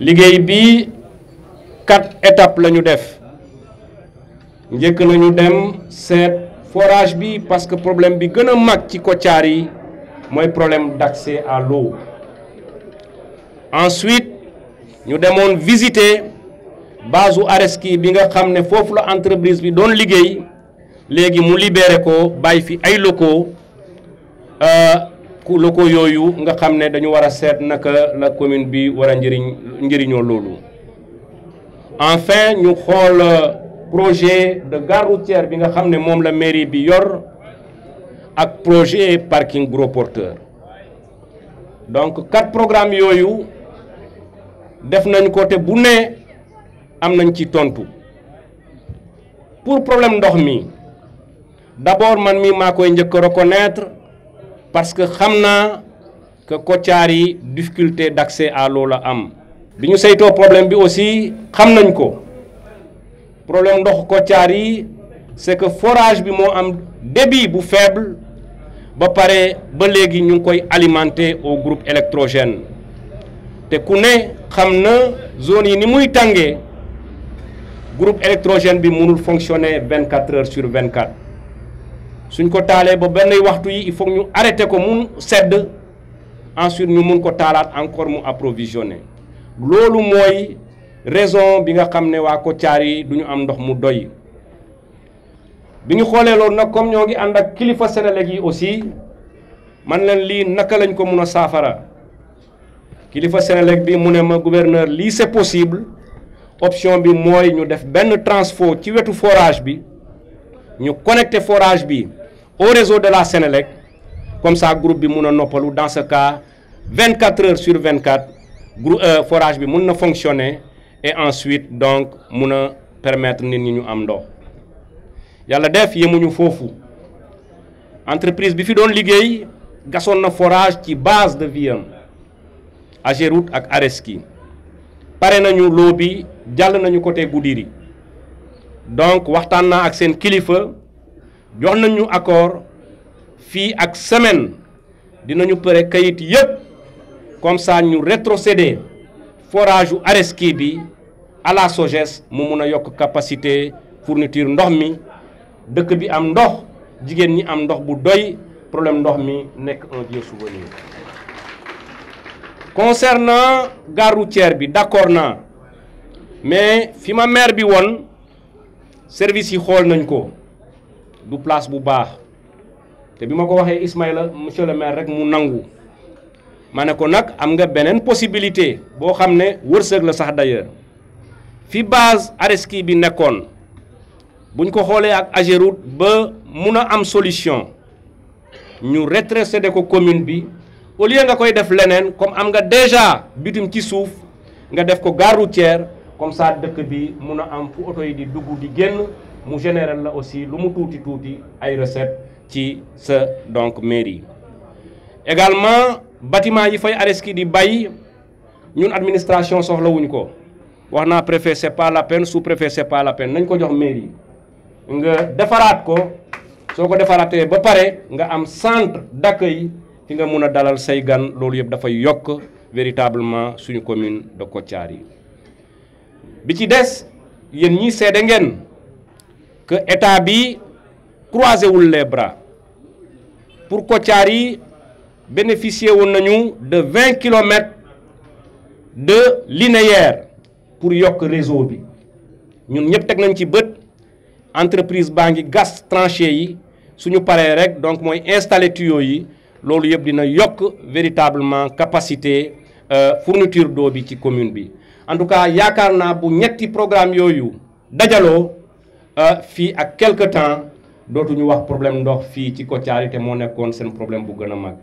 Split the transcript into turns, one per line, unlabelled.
liggéey bi quatre étapes lañu def ñëk nañu dem seet forage bi parce que problème bi gëna mag ci Kotiari yi moy problème d'accès à l'eau ensuite ñu demoon visiter base u Areski bi nga xamné fofu foofu la entreprise bi doon liggéey légui mu libéré ko bay fi ay locaux euh, loko yoyu nga xam dañu wara set seet naka la commune bi wara a njëriñ njëriñoo loolu enfin ñu xol euh, projet de gare routière bi nga xam mom la mairie bi yor ak projet parking gros porteur donc quatre programmes yoyu def nañ ko te bu ne am nañ ci tontu pour problème ndox mi d'abord man mi maa koy reconnaître parce que xam naa que Kotiari difficulté d'accès à l'eau Nous am bi ñu problème bi aussi xam nañ ko problème ndox Kotiari c'est que forage bi moo débit bu faible ba pare ba léegi ñu alimenter au groupe électrogène te ku ne xam zone yi ni muy groupe électrogène bi mënul fonctionner 24 heures sur 24 suñ ko taalee ba benn waxtu yi il faut ñu arrêté ko mu sedd ensuite ñu mun ko taalaat encore mu approvisionné loolu mooy raison bi nga xam ne waa Kotiari yi du am ndox mu doy bi ñu xoolee loolu nag comme ñoo ngi ànd ak kilifa Senelec yi aussi man leen lii naka lañ ko mun a saafara kilifa Senelec bi mu ne ma gouverneur lii c'est possible option bi mooy ñu def benn transfo ci wetu forage bi ñu connecté forage bi au réseau de la Sénélec comme ça le groupe bi mun dans ce cas 24 heures sur 24 le euh, forage bi fonctionne fonctionner et ensuite donc mun permettre nous amener il y a le def yemuñu qui entreprise bi fi doon liguey gasoon na forage ci base de Gérout et à Areski pare nañu lobby, bi jàll nañu côté Goudiri donc a naa ak seen kilifa jox nañu accord fii ak semaine dinañu pare kayit yépp comme ça ñu rétrocéder forage u Areski bi à la SOGES mu mun a yokk capacité fourniture ndox mi dëkk bi am ndox jigéen ñi am ndox bu doy problème ndox mi nekk un vieux souvenir concernant gare routière bi d'accord naa mais fi ma maire bi woon service yi xool nañ ko du place bu baax te bima ko waxee Ismaïla monsieur le maire rek mu nangu ma ne ko nag am nga benen possibilité bo xam ne la sax d'ailleurs fi base Areski bi nekkon buñ ko xolé ak Ageroute ba muna am solution ñu rétrocéder ko commune bi au lieu nga koy def lenen comme am nga déjà bitim ci souf nga def ko gare routière comme ça dëkk bi am fu auto yi di dugg di génn mu générer la aussi lu mu tuuti tuuti ay recettes ci sa donc mairie également bâtiment yi fay Areskid di bay ñun administration soxlawuñu ko wax naa préfet par pas la peine sous préfet c'est la peine nañ ko jox mairie nga defaraat ko soo ko defaraatee ba pare nga am centre yi ki nga mun a dalal say gan loolu yëpp dafay yokk véritablement suñu commune de Kotiari yi bi ci des yéen ñii seede ngeen que l'État bi croisé les bras pour Kotiari bénéficier de 20 km de linéaire pour yok réseau bi ñun ñep tek nañ ci entreprise entreprise bangi gas tranché yi suñu paré rek donc moy installer tuyaux yi que yeb dina yok véritablement capacité euh, fourniture d'eau bi ci commune bi en tout cas il y bu ñetti programme yoyu. D'ajalo. Euh, fii ak quelque temps dootuñu wax problème ndox fii ci Kotiari te moo nekkoon seen problème bu gën a mag.